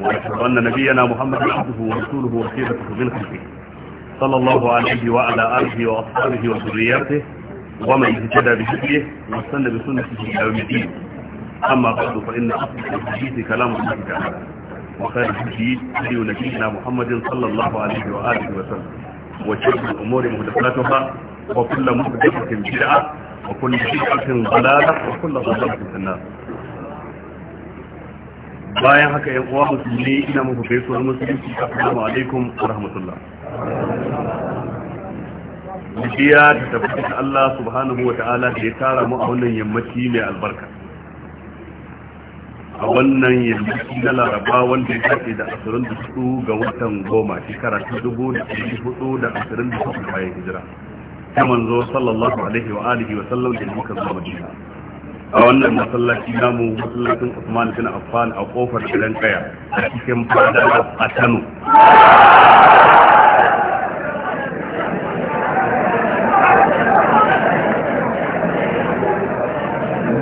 وأشهد أن نبينا محمد عبده ورسوله وسيرته من خلقه صلى الله عليه وعلى آله وأصحابه وذرياته ومن اهتدى بهديه واستنى بسنته إلى يوم الدين أما بعد فإن أصل الحديث كلام الله تعالى وخير الحديث هدي نبينا محمد صلى الله عليه وآله وسلم وشر الأمور محدثاتها وكل محدثة بدعة وكل بدعة ضلالة وكل ضلالة في النار bayan haka yan uwa musulmi ina muku gaisuwar musulunci assalamu alaikum wa rahmatullah Biya ta tabbata da Allah subhanahu wa ta'ala da ya tara mu a wannan yammaci mai albarka a wannan yammaci na laraba wanda ya shafe da asirin da hudu ga watan goma shekara ta dubu da ɗari hudu da asirin da hudu bayan hijira ta manzo sallallahu alaihi wa alihi wa sallam da muka zuwa madina a wannan masallaci namu masallacin Usman bin Affan a kofar gidan kaya a cikin fada a Kano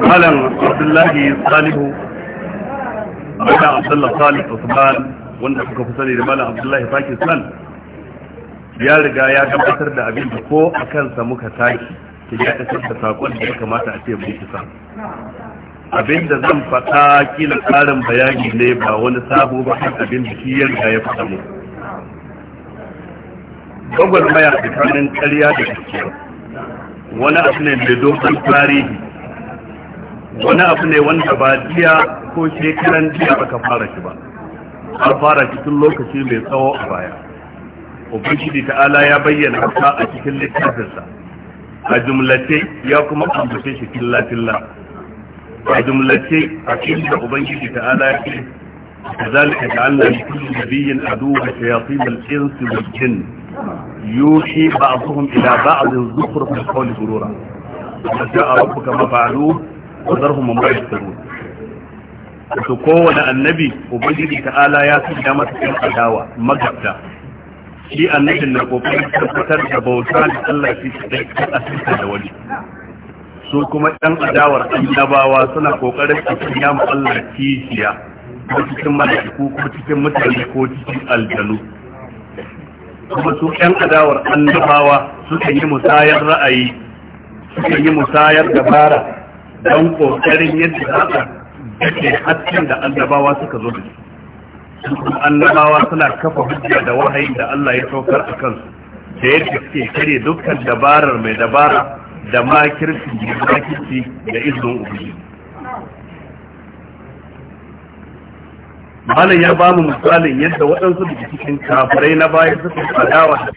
Malam Abdullahi Salihu Malam Abdullahi Salih Usman wanda suka fi sani da Malam Abdullahi Pakistan ya riga ya gabatar da abin da ko a kansa muka tashi ta ya kasar da saƙon da ya kamata a ce mai kisa abinda zan faɗa kila ƙarin bayani ne ba wani sabo ba kan abin da shi yadda ya faɗa mu gwagwar maya tsakanin ƙarya da gaskiya wani abu ne mai dokar tarihi wani abu ne wanda ba jiya ko shekaran jiya aka fara shi ba an fara cikin lokaci mai tsawo a baya ubangiji ta'ala ya bayyana haka a cikin littafinsa a jumlace ya kuma ambace shi killa killa a jumlace a cikin da ubangiji ta ala ce kazalika ta Allah ne kullu nabiyyin aduwa shayatin al-ins wal jinn yuhi ba'dhum ila ba'd zukhruf al-qawl gurura wa ja'a rabbuka mafa'alu wa dharhum ma yasrun to kowane annabi ubangiji ta ala ya sanya masa kin adawa magabta shi annabin na kokarin tabbatar da bauta da Allah shi kadai a asirka da wani su kuma ɗan adawar annabawa suna kokarin a cikin yamu Allah kishiya ko cikin mala'iku ko cikin mutane ko cikin aljanu kuma su ɗan adawar annabawa suka yi musayar ra'ayi suka yi musayar dabara don kokarin yadda za a dake hasken da annabawa suka zo da shi annabawa suna kafa hujja da wahayi da Allah ya saukar a kansu da yadda suke kare dukkan dabarar mai dabara da makirci da makirci da izinin ubangiji malam ya ba mu misalin yadda waɗansu da cikin kafirai na baya suka wa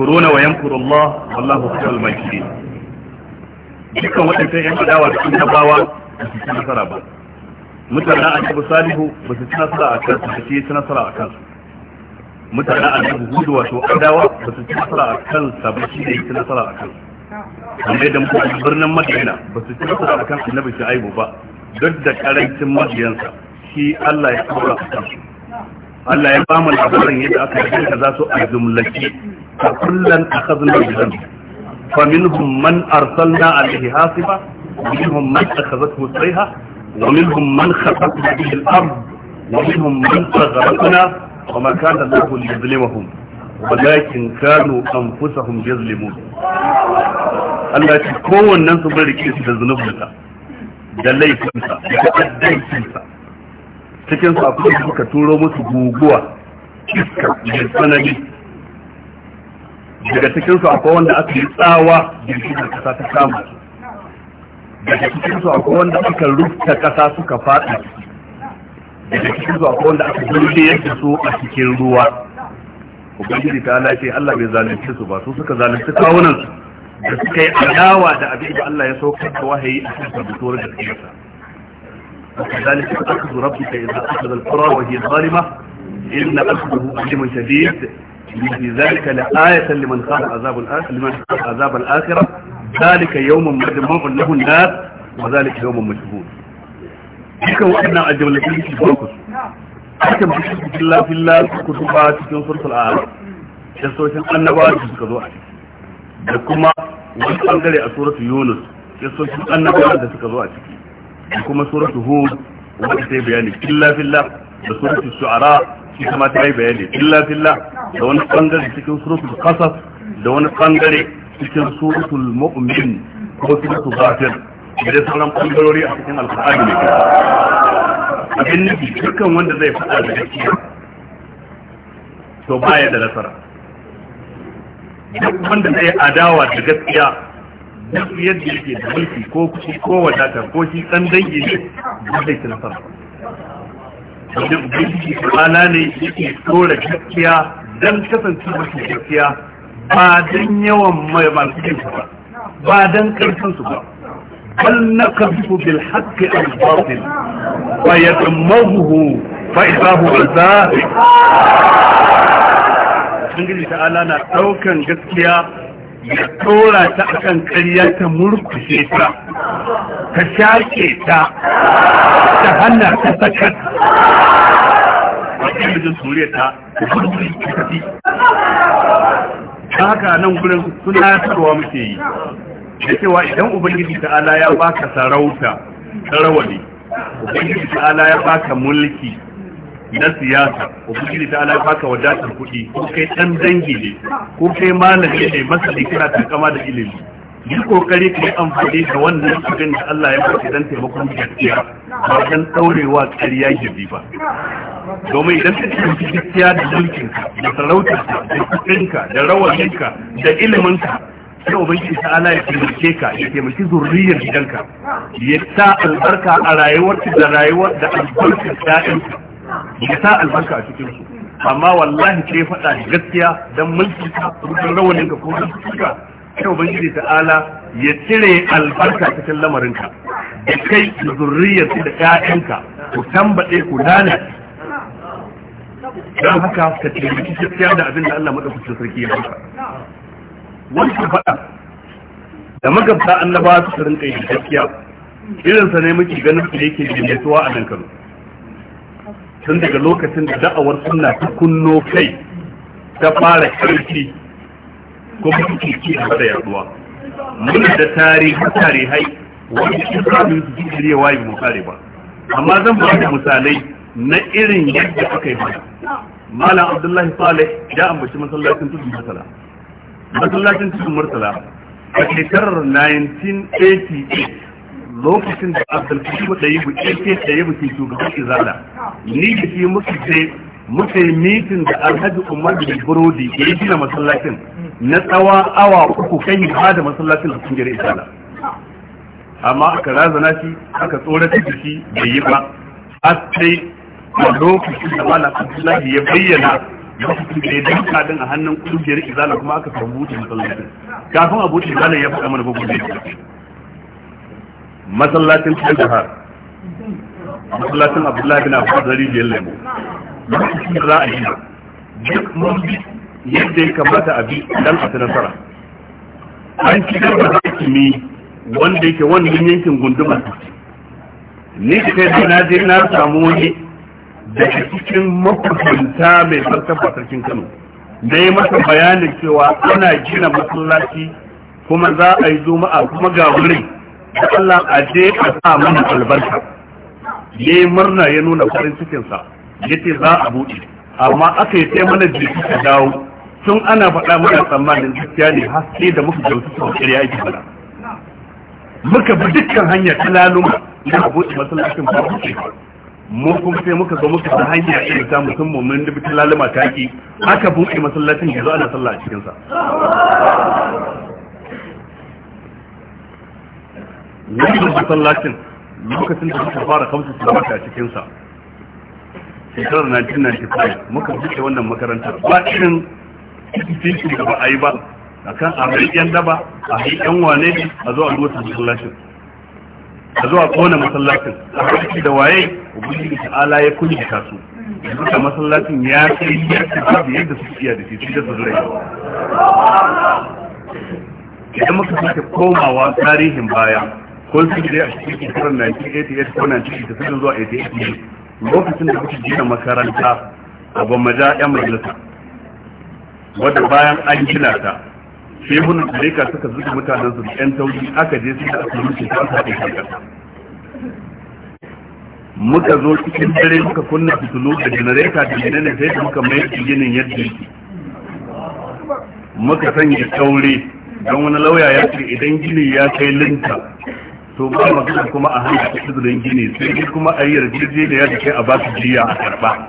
yamkuruna wa yamkuru Allah wallahu khairul makirin dukkan waɗannan ƴan adawa da sun tabawa ba su ci nasara ba mutanen annabi salihu ba su ci nasara a kansu ba su ci nasara a kansu mutanen annabi hudu wato adawa ba su ci nasara a kansa ba shi da ya ci nasara a kansu kamar yadda muka yi birnin madina ba su ci nasara a kansu annabi shu'aibu ba duk da karancin mabiyansa shi Allah ya kawo a kansu Allah ya ba mu labarin yadda aka yi ka so a jumlace فكلا أخذنا بذنبه فمنهم من أرسلنا عليه حاصبا ومنهم من أخذته الصيحة ومنهم من خسفنا به الأرض ومنهم من أغرقنا وما كان الله ليظلمهم ولكن كانوا أنفسهم يظلمون Allah ce kowannen su bai rike shi da zunubinsa da laifinsa da kaddancinsa cikin su akwai suka turo musu guguwa iska mai tsanani daga cikin su akwai wanda aka yi tsawa girgizar kasa ta kama daga cikin su akwai wanda aka rufta kasa suka faɗi daga cikin su akwai wanda aka zurge yadda su a cikin ruwa ubangiji ta lafi Allah bai zalunci su ba su suka zalunci kawunan su da suka yi adawa da abin da Allah ya saukar da wahayi a cikin rubutuwar da suke sa وكذلك أخذ ربك إذا أخذ القرى وهي ظالمة إن أخذه أليم شديد يعني ذلك لآية لمن خاف عذاب عذاب الآخرة ذلك يوم مجموع له الناس وذلك يوم مشهود. ذلك وأنا أجب لكي يتبوكس أحكم بشكل الله في الله كتبات في صورة العالم شخصوة أن نبات في كذو أحكي لكما وانقلي أسورة يونس شخصوة أن نبات في كذو أحكي لكما سورة هود وانقلي بياني إلا في الله بسورة الشعراء كما تعي بياني إلا في الله da wani bangare cikin suratul qasas da wani bangare cikin suratul mu'min ko suratul ghafir da sauran bangarori a cikin alqur'ani ne abin nufi dukkan wanda zai faɗa da gaskiya to baya da nasara duk wanda zai adawa da gaskiya duk yadda yake da mulki ko kuɗi ko wadata ko shi ɗan dangi ne ba zai ci nasara da ubangiji ta'ala ne yake tsora gaskiya don kasance masu gaskiya ba don yawan mai masu yin ba ba don karfin su ba bal na kafu bil haqqi al batil wa yadmahu fa idahu al zahir Ubangiji ta'ala na ɗaukar gaskiya ya tora ta akan karya ta murkushe ta ta shaƙe ta ta hana ta sakat wajen mijin suriya ta gudun tafi ta haka nan gurin suna yasarwa muke yi da cewa idan ubangiji ta'ala ya baka sarauta sarawali ubangiji ta'ala ya baka mulki na siyasa ubangiji ta ya baka wadatar kuɗi ko kai ɗan dangi ne ko kai malami ne masali kana takama da ilimi yi kokari ka yi amfani da wannan abin da Allah ya bace dan taimakon gaskiya ba dan daurewa kariya gibi ba domin idan ka ci gaskiya da mulkin da sarautar da kudin da rawanin da iliminka sai ubangiji ta ala ya taimake ka ya taimaki zurriyar gidanka ya sa albarka a rayuwarka da rayuwar da albarkar ta'inka ya sa albarka a cikin su amma wallahi sai faɗa da gaskiya don mulkin ka ko ko kudin sai ubangiji ta'ala ya cire albarka cikin lamarinka da kai da zurriyar da ƴaƴanka ku tambaɗe ku dana don haka ka taimaki gaskiya da abin da Allah madaukakin sarki ya baka wannan faɗa da magabta annabawa su rinka yi gaskiya irin sa ne muke ganin da yake jimituwa a nan Kano tun daga lokacin da da'awar sunna ta kunno kai ta fara karfi kuma suke ci gaba da yaduwa muna da tarihi tarihai wanda shi samun su cikin ya waye mu kare ba amma zan ba da misalai na irin yadda aka yi mana malam abdullahi saleh ya ambaci masallacin tudun masala masallacin tudun masala a shekarar 1988 lokacin da abdulkashi da yi bu ƙirƙe da yi bu ke shugaban izala ni da shi muka je muka yi mitin da alhaji umar da burodi ya yi gina masallacin na tsawa awa uku kan yi ba da masallacin a cikin isala amma aka razana shi aka tsoratar da shi bai yi ba har sai a lokacin da malam abdullahi ya bayyana lokacin da ya danka din a hannun kungiyar izala kuma aka samu buɗe masallacin kafin a buɗe izala ya faɗa mana babu ne masallacin kan jihar masallacin abdullahi na abu da rijiyar lemo lokacin da za a yi duk mun yadda ya kamata a bi dan a nasara an shigar da hakimi wanda yake wannan yankin gunduma ni da kai na je na samu wani da cikin makusanta mai martaba sarkin Kano da ya masa bayanin cewa ana gina masallaci kuma za a yi a kuma ga wuri da Allah a je a sa mana albarka ne murna ya nuna farin cikinsa yace za a buɗe amma aka yi sai mana jiki ta dawo tun ana faɗa muna tsammanin gaskiya ne haske da muka dauki sau ya yi faɗa muka bi dukkan hanyar ta laluma na buɗe masallacin fara ce mu kuma sai muka zo muka ta hanya irin ta musamman mun dubi ta laluma ta ki aka buɗe masallacin ya zo ana sallah a cikinsa wannan masallacin lokacin da muka fara kamsa su a cikinsa shekarar 1995 muka buɗe wannan makarantar ba irin cikin da ba a yi ba a kan a mai yan daba a yi yan wane ne a zo a rusa masallacin a zo a kona masallacin a kai da waye ubangiji Ala ya kunya ta su yanzu da masallacin ya kai yadda babu yadda su iya da shi su da su rai idan muka sake komawa tarihin baya ko su dai a cikin shekarar 1988 ko da 1987 zuwa 88 lokacin da kuka gina makaranta a gwamnati 'yan majalisa wadda bayan an gina ta sai shehun tarika suka zuba mutanen su yan tauri aka je su da asibiti ta aka haɗe muka zo cikin dare muka kunna fitilu da janareta da menene sai da muka mai ginin yadda yake muka sanya taure don wani lauya ya ce idan gini ya kai linta to ba magana kuma a hanyar kudurin gini sai dai kuma a yi yarjejeniya da kai a ba su jiya a karba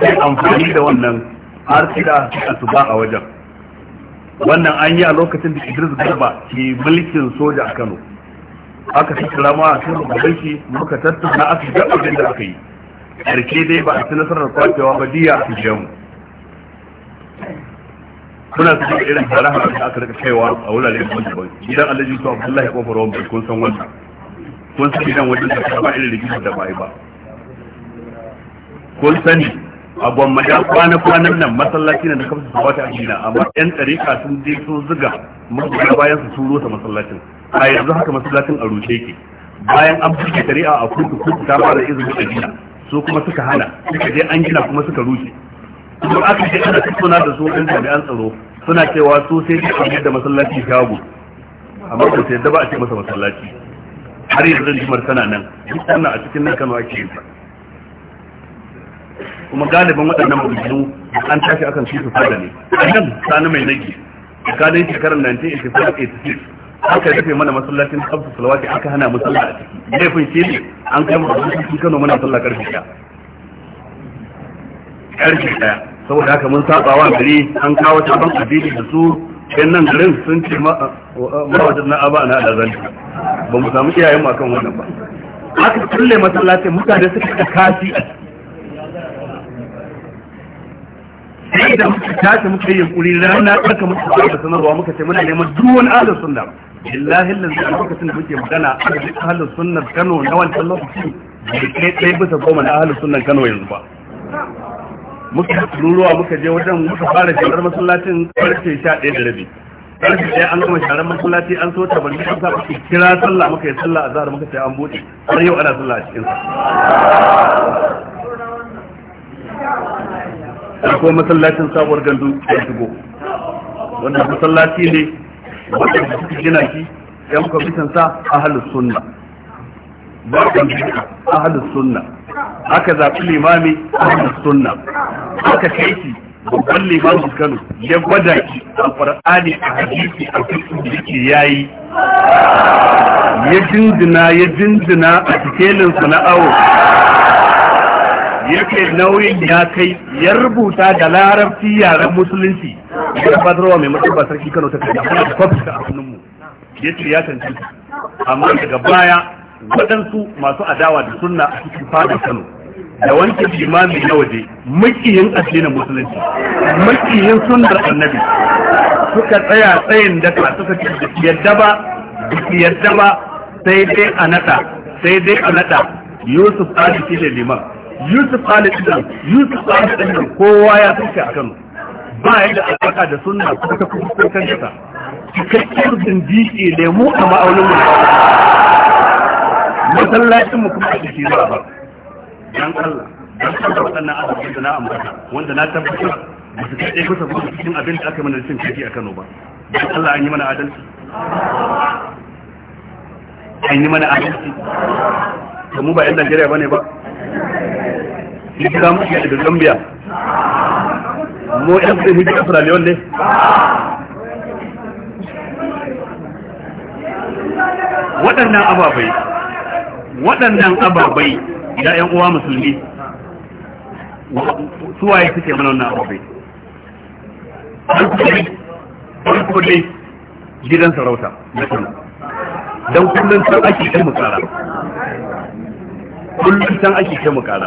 sai amfani da wannan har sai da asuba a wajen wannan an yi a lokacin da Idris Garba ke mulkin soja a Kano aka tattara ma a kan shi muka tattauna aka ga abin da aka yi karke dai ba a ci nasarar kwacewa ba diya a cikin mu kuna su irin hare-hare da aka rika kaiwa a wurare da daban gidan alhaji su abdullahi kofar wani kun san wannan kun san idan wajen da ba irin rigimar da bai ba kun sani a gwamma ya kwana kwanan nan masallaci ne da kamsa su wata ajina amma yan tsarika sun je sun zuga magoya bayan su sun rusa masallacin a yanzu haka masallacin a rushe ke. bayan an buɗe shari'a a kurtu kurtu ta fara izinin da gina su kuma suka hana suka je an gina kuma suka rushe kuma aka je ana tattauna da su ɗan jami'an tsaro suna cewa su sai dai kan yadda masallaci shago amma ba su da ba a ce masa masallaci har yanzu jimar tana nan duk wannan a cikin nan kano ake yin sa kuma galibin waɗannan maganganu an tashi akan shi su fada ne nan sani mai nage tsakanin shekarar 1986 aka rufe mana masallacin tsabtu salawati aka hana musalla a ciki laifin shi ne an kai masallacin sun kano mana sallah karfe ɗaya karfe ɗaya saboda haka mun saba wa gari an kawo sabon addini da su yan nan garin sun ce mawajen na aba na alazan ba mu samu iyayen mu akan wannan ba aka kulle masallacin mutane suka kasi a sai da muka tashi muka yi yunkuri rana aka muka fara da sanarwa muka ce muna neman duk wani ahlus sunna billahi lillahi a lokacin da muke magana adadin ahlus sunna Kano na wancan lokaci bai kai ɗaya bisa goma na ahlus sunna Kano yanzu ba muka ruruwa muka je wajen muka fara shigar masallacin karfe sha ɗaya da rabi karfe ɗaya an gama sharar masallaci an so ta bandi an sa muka kira sallah muka yi sallah a zahar muka ce an bude, har yau ana sallah a cikin kuma masallacin sabuwar gandu da shigo wanda masallaci ne wanda suke gina shi yan kwamitin sa ahalus sunna barkan bid'a ahalus sunna aka zaɓi limami ahalus sunna aka kai shi babban limamin Kano ya gwada shi a Qur'ani a hadisi a cikin da yayi ya yi. ya jinjina a cikin sana'awo yake nauyin ya kai ya rubuta da larabci yaren musulunci ya gabatarwa mai matsabar sarki kano ta kai da kwafi ta hannunmu ya ce ya canci amma daga baya waɗansu masu adawa da sunna a cikin fadar kano da wanke limami na waje makiyin addinin musulunci makiyin sunnar annabi suka tsaya tsayin daka suka ce da yadda ba yadda ba sai dai a nada sai dai a nada yusuf ali shi ne liman yusuf ali ɗin yusuf ali ɗin kowa ya fi a kano ba ya da alaka da sunna ko ta kuma ko kan ta cikakkiyar dindiki lemu a ma'aunin mu masallacin mu kuma a jiki ba dan Allah dan Allah waɗannan abubuwan da na ambata wanda na tabbatar ba su kai kusa ba cikin abin da aka mana cin kaji a Kano ba dan Allah an yi mana adalci an yi mana adalci Kamu ba yan Najeriya ba ne ba hijira muke waɗannan ababai waɗannan ababai uwa musulmi suwaye suke mana wannan ababai farko dai gidan sarauta na Dan kullum ake mu kara kullum can ake kai mu kara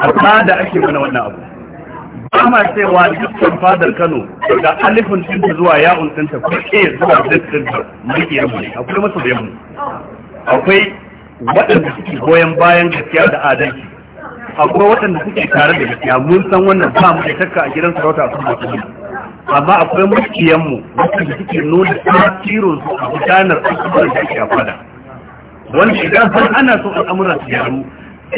ba da ake mana wannan abu ba ma cewa dukkan fadar kano da alifin tinta zuwa ya'un tinta ko ke zuwa dukkan makiyar mu akwai da yamma akwai waɗanda suke goyon bayan gaskiya da adalci akwai waɗanda suke tare da gaskiya mun san wannan ba mu da shakka a gidan sarauta a kuma kuma amma akwai makiyan mu waɗanda suke nuna tasirin su a gudanar al'amuran da ake fada wanda idan har ana so al'amuran su yaru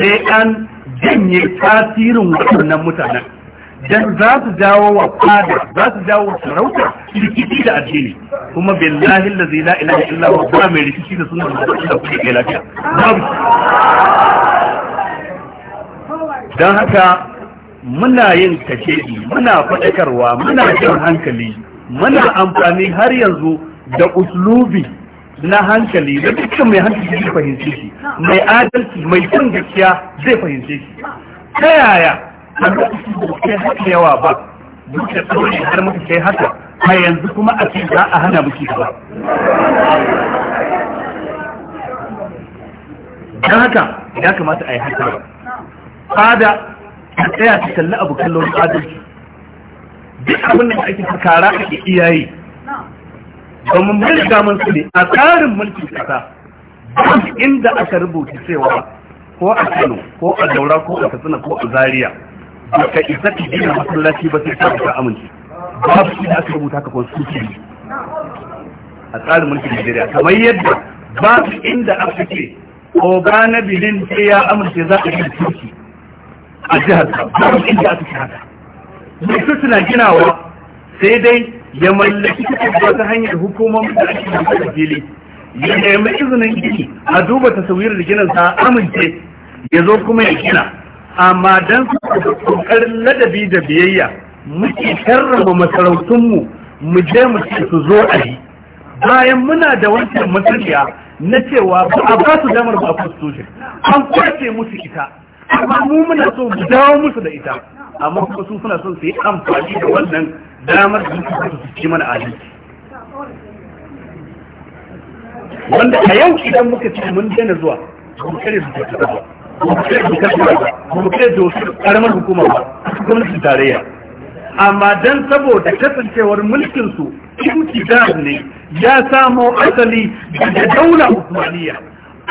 sai an janye tasirin waɗannan mutanen dan za su dawo wa fada za su dawo wa sarauta rikici da addini kuma billahi la ilaha illa huwa ba mai rikici da sunan da da kuke kai lafiya dan haka muna yin kashedi muna faɗakarwa muna jan hankali muna amfani har yanzu da uslubi na hankali da dukkan mai hankali zai fahimce shi mai adalci mai son gaskiya zai fahimce shi ta yaya a lokacin da kai haka yawa ba duk da tsawon har muka kai haka a yanzu kuma a ce za a hana muke ba dan haka ya kamata a yi haka ba fada a tsaya ta kalli abu kallon adalci duk abin da ake fakara ake iyaye domin mun riga mun su ne a tsarin mulkin kasa inda aka rubuta cewa ko a Kano ko a Daura ko a Katsina ko a Zaria ka isa ka gina masallaci ba sai ka amince Ba su ne aka rubuta ka constitution a tsarin mulkin nigeria kamar yadda ba su inda aka ce ko ba na bilin sai ya amince za a gina turki a jihar ka su inda aka ce haka mai suna ginawa sai dai ya mallaki ba ta hanyar hukumar da ake da fili ya nemi izinin gini a duba da tasawirar sa amince ya zo kuma ya gina amma don su kokarin ladabi da biyayya muke karrama masarautunmu mu je mu ce su zo a yi bayan muna da wancan matsaliya na cewa ba a su damar ba constitution an kwace musu ita amma mu muna so mu dawo musu da ita amma kuma su suna son su yi amfani da wannan damar da suka su ci mana adalci wanda a yau idan muka ce mun dana zuwa mu kare su ta ba mu kare su ta ba mu kare su karamar hukuma ba gwamnatin tarayya amma dan saboda kasancewar mulkin su imtidar ne ya samo asali daga daula usmaniya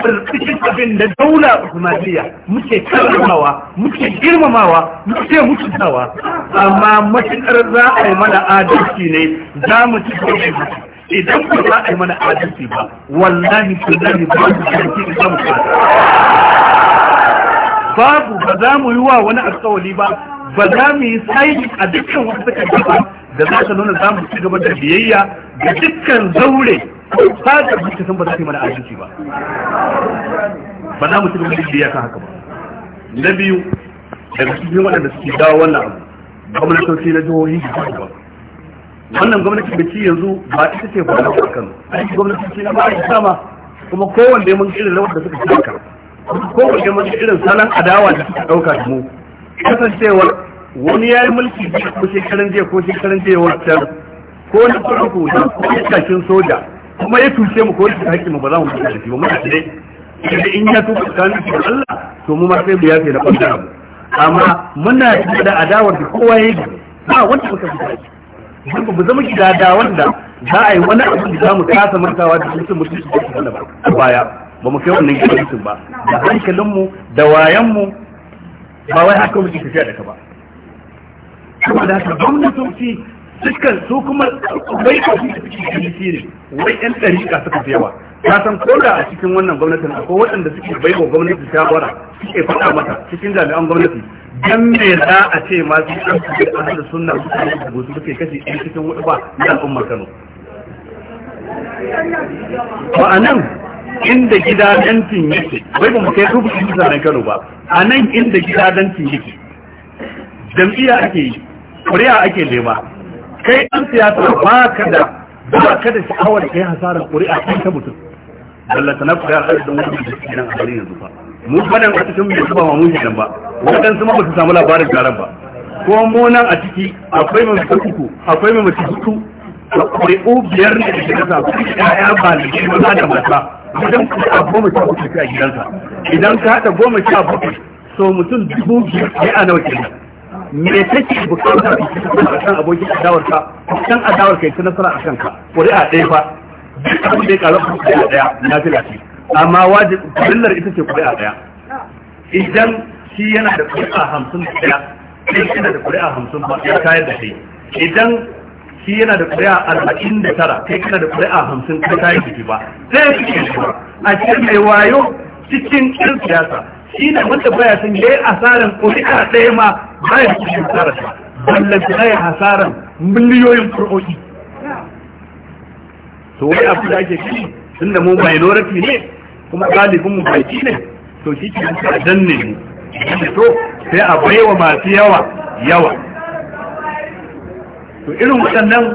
karkashin abin da daula Usmaniyya muke karramawa muke girmamawa muke mutuntawa amma matuƙar za a yi mana adalci ne za mu ci mutu. idan ba za a yi mana adalci ba wallahi kullahi ba mu karki da mu babu ba za mu yi wa wani alƙawari ba ba za mu yi sai a dukkan wasu suka ba da za ta nuna zamu ci gaba da biyayya da dukkan zaure ko fata mutu san ba za ta yi mana adalci ba ba za mu ci gaba da biyayya kan haka ba na biyu daga cikin waɗanda suke dawo wannan abu gwamnatoci na jihohi da ba wannan gwamnati da ci yanzu ba ita ce ba a kan. aiki gwamnatoci na ba sama kuma kowanne mun irin rawar da suka taka kowanne mun irin salon adawa da suka ɗauka da mu kasancewar wani ya yi mulki ko shekaran jiya ko shekaran jiya wancan ko na farko da ko ya kakin soja kuma ya tushe mu ko ya kakin mu ba za mu mutu da shi ba mu tafi dai in ya tuka kan shi Allah to mu ma sai mu yafe na bangaren mu amma muna da adawar da kowa ya yi ba wanda muka fi shi don ba zama gida da wanda za a yi wani abu da za mu kasa mantawa da mutum mutum su da wanda ba baya ba mu kai wannan gidan ba da hankalinmu da wayanmu ba wai haka muke tafiya da ka ba kuma da haka gwamnatoci dukkan su kuma bai kasu da suke kanisi ne wai yan ɗari ɗariƙa suka fi yawa ta san ko da a cikin wannan gwamnatin akwai waɗanda suke bai wa gwamnati shawara suke faɗa mata cikin jami'an gwamnati dan me za a ce ma su an su da an da sunna su ne da su suke kashe ɗan cikin wani ba na al'ummar Kano ba anan inda gida dantin yake bai ba mu kai rubutu mutanen Kano ba anan inda gida dantin yake jam'iyya ake yi ƙuri'a ake nema kai an siyasa ba ka da ba ka da sha'awar kai hasarar ƙuri'a kan ta mutum ballata na ƙuri'a har cikin wani da ke nan a halin yanzu ba mu ba a cikin mai zuba mu mun nan ba waɗansu ma ba su samu labarin garan ba ko mu nan a ciki akwai mai mutum uku akwai mai mutum hutu da ƙuri'u biyar ne da shiga sabu ya'ya ba da ke maza da mata idan ka goma sha bakwai a gidansa idan ka haɗa goma sha bakwai so mutum dubu biyar ya ana wakilin me take bukatar ka ci nasara akan abokin adawar ka kan adawar ka ci nasara akan ka a ɗaya fa duk abin da ya karu ku ƙuri'a ɗaya na fila ce amma wajibi kullar ita ce kuri a ɗaya idan shi yana da a hamsin da ɗaya sai yana da a hamsin ba ya kayar da shi. idan shi yana da a arba'in da tara kai kana da a hamsin kai kayar da shi ba sai ya fi a cikin mai wayo cikin ɗin siyasa shi ne wanda baya sun yayi asaran ƙuri'a ɗaya ma baya cikin asarar ta shi na yi hasaran miliyoyin ƙuri'o'i to wai abu da ake shi tun da mu minority ne kuma galibin mu bai ne to shi ke a danne ne to sai a baiwa masu yawa yawa to irin waɗannan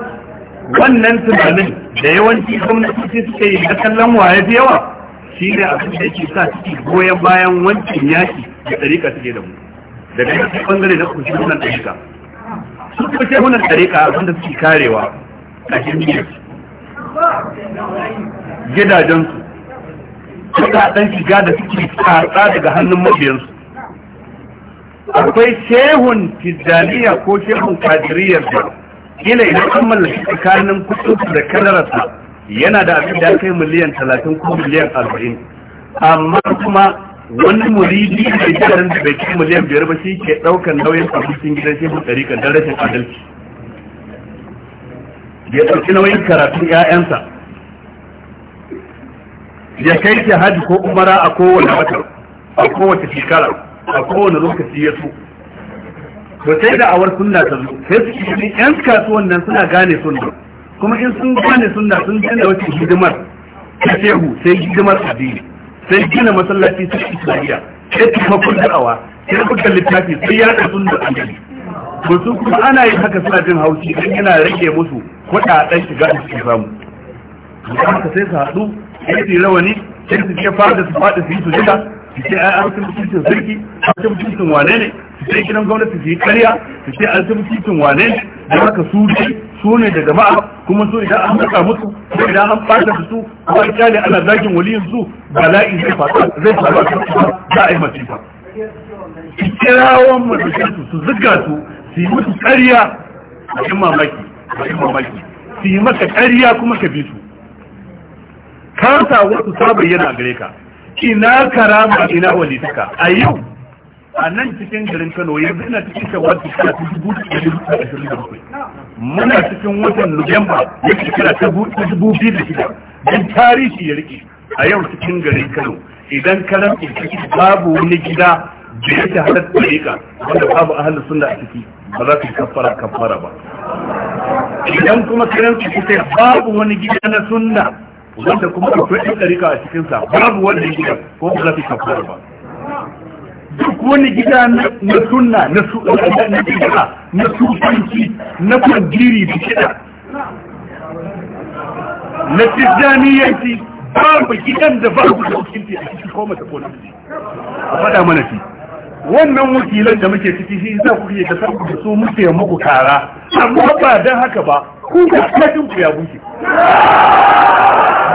wannan tunanin da yawanci gwamnati suke yi na kallon waye yawa shi ne a da yake sa ciki goyon bayan wancan yaki da tsarika suke da mu daga yake bangare na kusur nan ɗarika su kuma ce hunan tsarika abin da suke karewa a jirgin gidajensu ɗan shiga da suke tsatsa daga hannun mabiyansu akwai shehun tijjaniya ko shehun kadiriyar da ila idan an mallaki tsakanin kuɗinsu da kadararsa yana da abin da kai miliyan talatin ko miliyan arba'in amma kuma wani muridi mai jiran da bai kai miliyan biyar ba shi ke ɗaukar nauyin abincin gidan mu ɗari kan rashin adalci ya ɗauki nauyin karatun 'ya'yansa ya kai shi hajji ko umara a kowane wata a kowace shekara a kowane lokaci ya so to sai da awar sunna ta zo sai su yi yan kasuwan nan suna gane sunna kuma in sun gane sunna sun gane wata hidimar ta shehu sai hidimar addini sai gina masallaci ta islamiyya sai taimakon da'awa sai bukan littafi sai yaɗa sunna annabi ko su kuma ana yin haka suna jin haushi dan yana rage musu kuɗaɗen shiga da suke samu da ka sai su haɗu sai su yi rawani sai su ke fada su fada su yi su jira su ce ai an sun cikin sarki an sun cikin wane ne su ce gidan gwamnati su yi karya su ce an sun cikin wane ne da haka su dai su ne da jama'a kuma su idan an saka musu sai idan an ɓata da su ko an kyale ana zagin waliyin su bala'i zai faru zai faru a cikin za a yi masifa kirawan mutum su su zuga su su yi musu ƙarya a yi mamaki a yi mamaki su yi maka ƙarya kuma ka bi su kasa wasu ta bayyana gare ka ina karama ina walitaka a yau a nan cikin garin Kano yanzu ina cikin shawar shekara ta dubu da ashirin da bakwai muna cikin watan Nuwamba ya shekara ta dubu biyu da shida don tarihi ya rike a yau cikin garin Kano idan ka rantsa babu wani gida da yake da tarika wanda babu ahalin sunna a ciki ba za ka kafara kafara ba idan kuma ka rantsa kusa babu wani gida na sunna wanda kuma akwai ɗan tarika a cikinsa babu wanda gida ko ba za ka kafara ba duk wani gida na sunna na sunna na sufanci na kwangiri da shida na tijjaniyanci babu gidan da babu da a cikin koma ta kone. a mana wannan wakilan da muke ciki shi za ku iya kasar da su muke muku kara amma ba don haka ba ku da kashin ku ya buke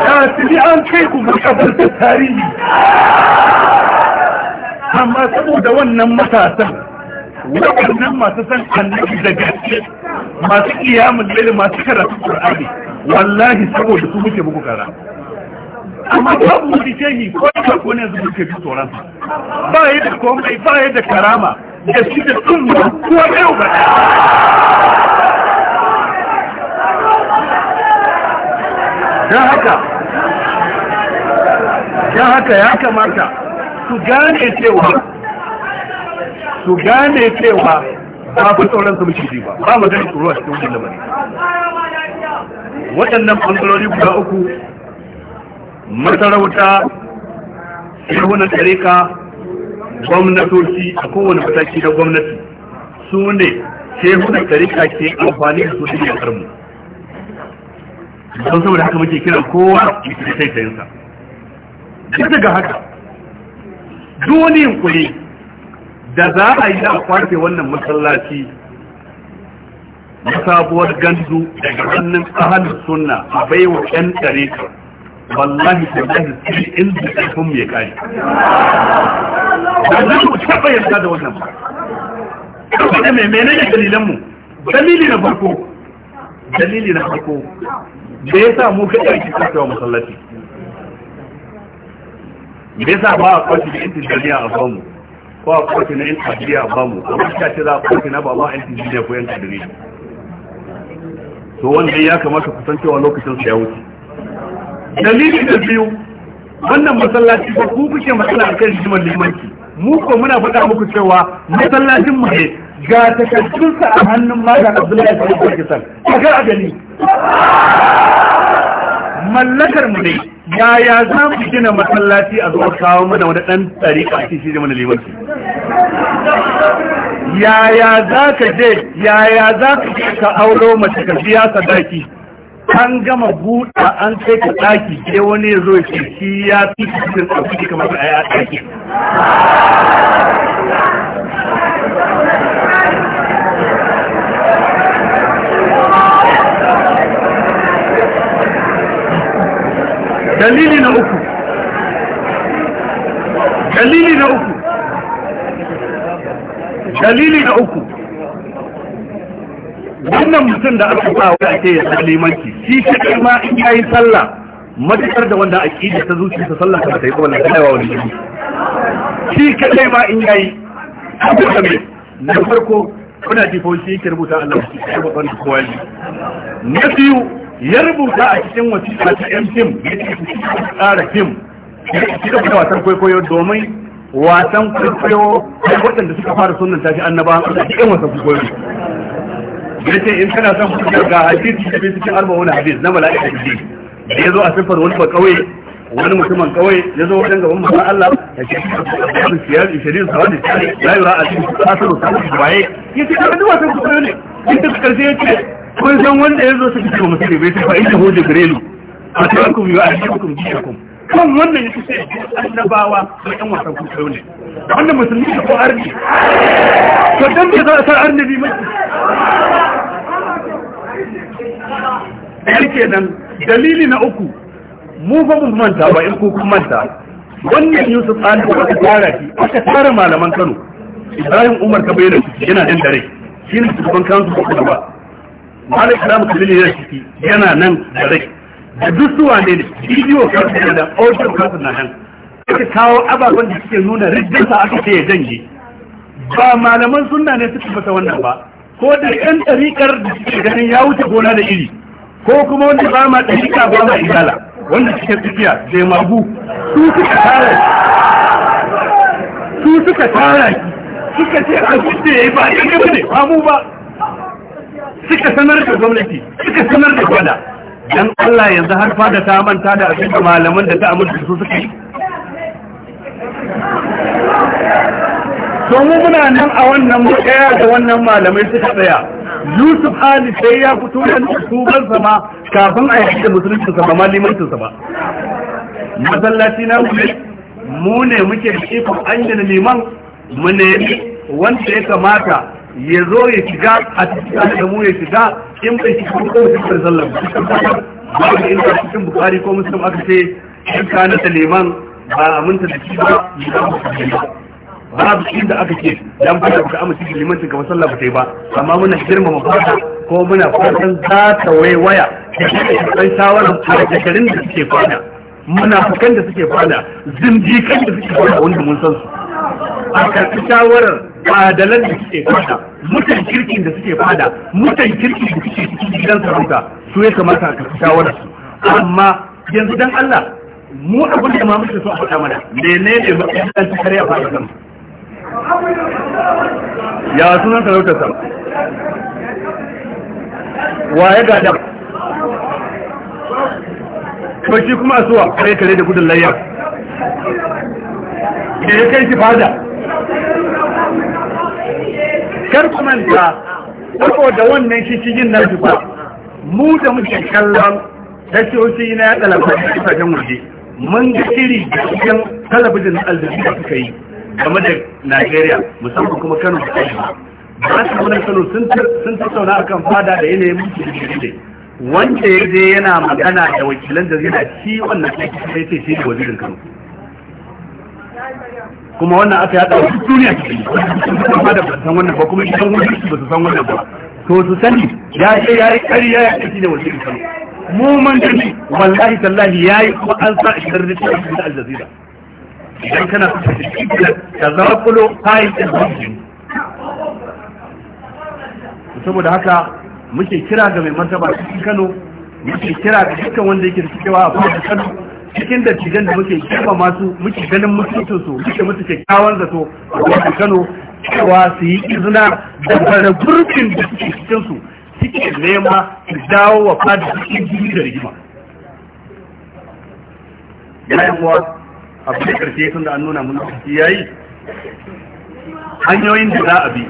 da su an kai ku makabartar tarihi amma saboda wannan matasan waɗannan masu san annabi da gaske masu kiyamun laili masu karatu qur'ani wallahi saboda su muke muku kara amma babu wani shehi ko da ko ne zuwa ke tsoron ba yi da komai ba yi da karama da shi da ba ko da yau ba dan haka dan haka ya kamata su gane cewa su gane cewa ba ku tsoron su muke ba ba mu gani tsoro a cikin wannan lamari waɗannan bangarori guda uku masarauta shehunan tarika gwamnatoci a kowane mataki na gwamnati su ne shehunan tarika ke amfani da sosai a karmu don saboda haka muke kiran kowa da sai sayinsa duk daga haka duniyin kuɗi da za a yi a kwace wannan masallaci sabuwar gandu daga hannun ahalin sunna a baiwa ƴan ɗarikar wallahi wallahi sai in da ƙarfin mai kare da za ku taɓa yarda da wannan ba ƙarfi da mai menene dalilanmu dalili na farko dalili na farko da ya sa mu kaɗa ake kasawa masallaci me yasa ba a kwashi da intin jami'a a bamu ko a kwashi na intin jami'a a bamu a kwashi ce za a kwashi na ba ma intin jami'a ko yan kadiri to wanda ya kamata ku san cewa lokacin su ya wuce dalilin da biyu wannan masallaci ba ku kuke matsala a kan jimar limanci mu ko muna faɗa muku cewa masallacin mu ne ga takaddunsa a hannun magan abdullahi sai kirkisan kaga a gani mallakar mu ne yaya za mu gina masallaci a zuwa kawo mana wani ɗan tsarika a cikin shi mana limanci yaya za ka je yaya za ka je ka auro mace ka biya sadaki an gama buɗa an kai ka ɗaki sai wani ya zo ya ce shi ya fi cikin ɗauki kamar a ɗaki dalili na uku dalili na uku dalili na uku wannan mutum da aka sa wa ake ya limanci shi kaɗai ma in yayi sallah matakar da wanda da ta zuci ta sallah ta yi kuma na kaiwa wani jini shi kai ma in yayi saboda me na farko kuna jifo shi ke rubuta Allah shi ke rubuta wani kowa na biyu ya rubuta a cikin wasu ta yan fim ya ce tsara fim ya da wasan kwaikwayo domin wasan kwaikwayo waɗanda suka fara sunan tafi annaba, a cikin wasan kwaikwayo ya ce in kana son kuka ga hadisi da bin cikin wani hadis na mala'ika ji da ya zo a siffar wani bakawai wani mutumin kawai ya zo wajen gaban manzon Allah ya ce abin siyar shirin sawadi la cikin al-asiru sawadi waye ya ce kana duwa san kuka ne in ta karshe ya ce kun san wanda ya zo su fice wa musulmi bai tafa inda hoje ni a tawakum yi a shirkum jishakum kan wannan ya kusa annabawa da ɗan wasan kusa ne wanda musulmi da ko arni to dan bai za a san arnabi mai ɗaya nan dalili na uku mu ba mu manta ba in ko kun manta wannan yusuf an da aka tara shi aka tara malaman kano ibrahim umar ka bayyana yana dan dare shi ne shugaban kansu ba malam ramu kalili ya shi yana nan da rai da duk suwa ne da bidiyo kansu da audio kansu na nan suka kawo ababen da suke nuna rijinsa aka ce ya janye ba malaman sunna ne suka fata wannan ba ko da yan ɗariƙar da suke ganin ya wuce gona da iri ko kuma wanda ba ma ɗariƙa ba ma igala wanda suke tafiya da magu su suka tara su suka tara suka ce a da ya yi ba a ne ba mu ba suka sanar da gwamnati suka sanar da fada dan Allah yanzu har fada ta manta da abin da malaman da ta amince su suka yi domin muna nan a wannan matsaya da wannan malamai suka tsaya yusuf ali sai ya fito da tubarsa sama kafin a yaki da musuluncinsa sama, ma limancinsa ba masallaci na mu ne muke da ikon an liman mu ne wanda ya kamata ya zo ya shiga a cikin da ya shiga in bai shiga ko cikin sallan ba ba in cikin bukari ko muslim aka ce in na da liman ba aminta da shi ba ya zama ba babu inda aka ce dan fara ka amince da liman ka sallah ba sai ba amma muna girmama fata ko muna fatan za ta waiwaya dan shawaran da da suke kwana munafukan da suke kwana kan da suke kwana wanda mun san su a karɓi shawarar adalan da suke fada mutan kirkin da suke fada mutan kirkin da suke cikin gidan sarauta su ya kamata a karɓi shawarar su amma yanzu dan Allah mu abin da ma muke so a faɗa mana menene matsayin dan ta kare a faɗa kan ya sunan sarauta sa wa ya gada shi kuma a suwa kare kare da gudun layya da ya kai shi fada kar ku manta saboda wannan shishigin na zuba mu da muke kallon yi na yaɗa labarai kasashen waje mun ga shiri da cikin talabijin na aljihu da suka yi game da Najeriya musamman kuma Kano da Arewa ba su wani Kano sun tattauna kan fada da yanayin mutu da wanda ya je yana magana da wakilan da zai da shi wannan sai ce shi ne wazirin Kano kuma wannan aka yada wa duniya ke yi kuma da san wannan ba kuma idan wani ba su san wannan ba to su sani ya ce ya yi ƙarya ya yi ce ne wasu kano mu man gani wallahi tallahi ya yi kuma an sa a shirin da shi da aljazira idan kana ka yi kayan ɗin zuciya saboda haka muke kira ga mai martaba cikin kano muke kira ga dukkan wanda yake da cewa a fara kano cikin dattijan da muke kima masu muke ganin mutuntunsu muke mutu kyakkyawan zato a wajen kano cewa su yi izina da fara burkin da suke su suke nema su dawo wa fada cikin jini da rigima yayin kuwa abu da karshe sun da an nuna mun lokaci yayi hanyoyin da za a bi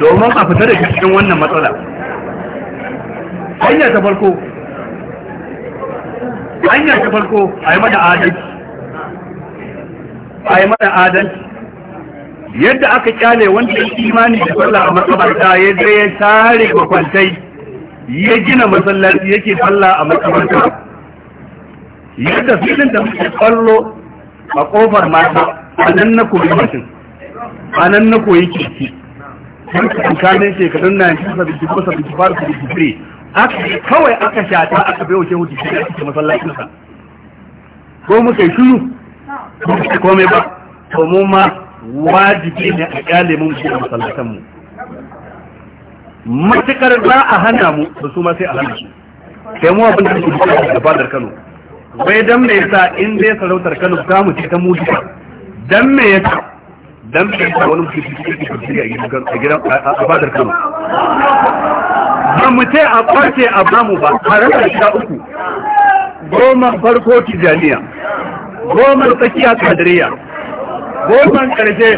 domin a fita da cikin wannan matsala hanya ta farko hanyar ta farko a yi mana adalci a yi mana adalci yadda aka kyale wanda ya imani da falla a makabarta ya zai ya tare kwantai, ya gina masallaci yake falla a makabarta yadda filin da muke kwallo a kofar mata a nan na koyi mutum a nan na koyi kirki kan kanin shekarun 1975 kawai aka shata aka bai wuce wuce shi ake masallacinsa ko muka yi shuru ko kuma komai ba to mu ma wajibi ne a kyale mun shi masallatan mu matukar za a hana mu da su ma sai a hana shi sai mu abin da su da fadar Kano wai dan me yasa in dai sarautar Kano za mu ce ta mu duka dan me yasa dan me yasa wani mutum shi ke a gidan a fadar Kano ba mu ce a kwace a bamu ba a rasa sha uku goma farko tijaniya goma tsakiya kadiriya goma karshe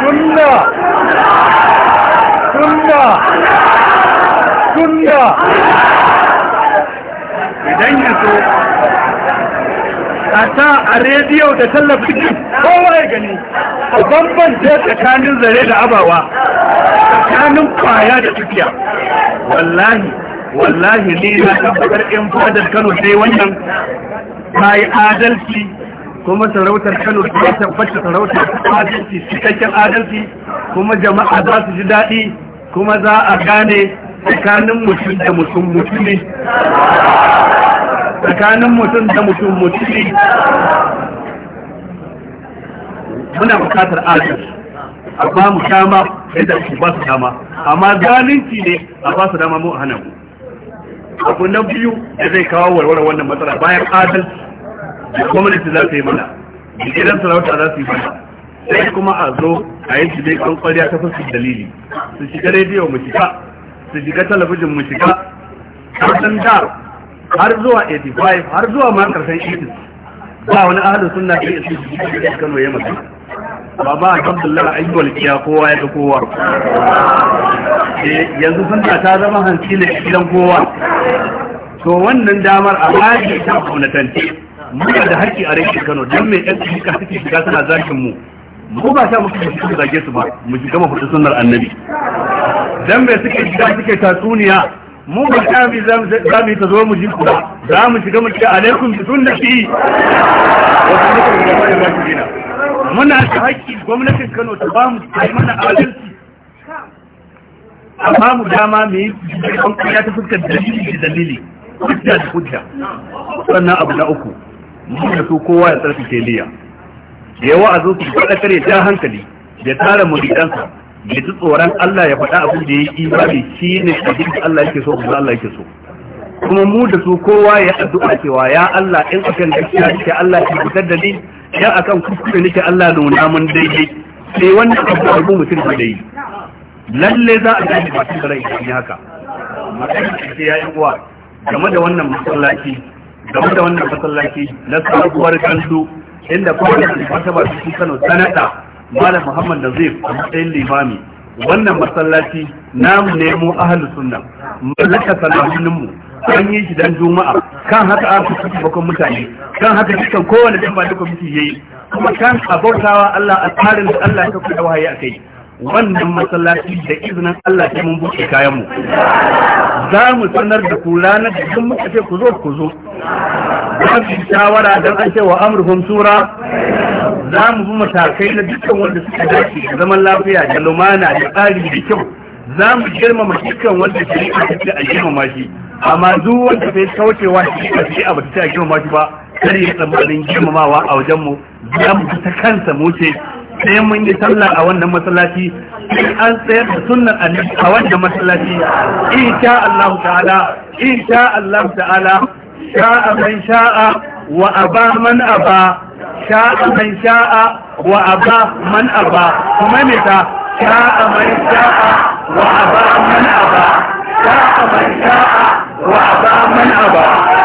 sunna sunna sunna idan ya so a ta a rediyo da tallafin kowa ya gani a bambanta tsakanin zare da abawa tsakanin kwaya da tafiya wallahi wallahi ne na tabbatar in fadar kano sai wannan ta yi adalci kuma sarautar kano ta tabbata sarautar adalci cikakken adalci kuma jama'a za su ji daɗi kuma za a gane tsakanin mutum da mutum mutumi tsakanin mutum da mutum mutumi muna bukatar adalci a ba mu dama yadda su ba su dama amma zalunci ne a ba su dama mu hana mu abu na biyu da zai kawo warware wannan matsala bayan adalci gwamnati za su yi mana da gidan sarauta za su yi mana sai kuma a zo a yi shi dai kankwariya ta fuskar dalili su shiga rediyo mu shiga su shiga talabijin mu shiga kasan da har zuwa 85 har zuwa ma karshen 80 ba wani ahalin sunna da ya su da Kano ya maka ba ba alhamdulillah ayyuwal kiya kowa ya ga kowa eh, yanzu suna ta zama hanci ne gidan kowa to wannan damar a hali ta gwamnatanci muna da haƙƙi a rikin Kano don mai ɗan shiga suke shiga suna zakin mu mu ba sha muku su zage su ba mu ji gama hudu sunnar annabi dan mai suke shiga suke tatsuniya mu ba ta fi za mu yi ta zo mu ji kula za mu shiga mu ce alaikum bi sunnati wasu duka da ba da gina muna da haƙƙi gwamnatin Kano ta ba mu sai mana adalci amma mu dama mu yi hankali ta fuskar dalili da dalili hujja da hujja sannan abu na uku mu da su kowa ya tsarkake niyya da yawa a zo su faɗa kare ta hankali da tara muridansa ya ji tsoron Allah ya faɗa abin da ya yi imani shi ne abin da Allah yake so kuma Allah yake so kuma mu da su kowa ya addu'a cewa ya Allah in akan gaskiya nake Allah ya fitar da ni ya akan kuskure nake Allah nuna mun daidai sai wannan abu abu mutum da yi lalle za a gani ba cikin rai ne haka mutum da ya yi uwa game da wannan masallaci game da wannan masallaci na sabuwar kandu inda kowane wata ba su Kano sanata malam muhammad nazif a matsayin limami wannan masallaci namu nemo ahalu sunna mallaka sallahin mu an yi shi dan juma'a kan haka an fi bakon mutane kan haka dukkan kowane ba duka miki yayi kuma kan abautawa Allah a tsarin da Allah ya kafa wahayi a kai wannan masallaci da izinin Allah ya mun buɗe kayan mu za mu sanar da ku ranar da duk muka ce ku zo ku zo shawara dan an ce wa amruhum sura za mu bi matakai na dukkan wanda suka dace da zaman lafiya da lumana da tsari da kyau za mu girmama dukkan wanda shari'a ta ce a girmama shi amma duk wanda bai kaucewa shari'a shari'a ba ta ce a girmama shi ba kar ya tsammanin girmamawa a wajenmu za mu ta kansa mu ce sai mun yi sallah a wannan masallaci sai an tsayar da sunnar annabi a wannan masallaci insha Allah ta'ala insha Allah ta'ala sha'a man sha'a wa aba man aba sha'a man sha'a wa aba man aba kuma me ta sha'a man sha'a wa aba man aba sha'a man sha'a wa aba man aba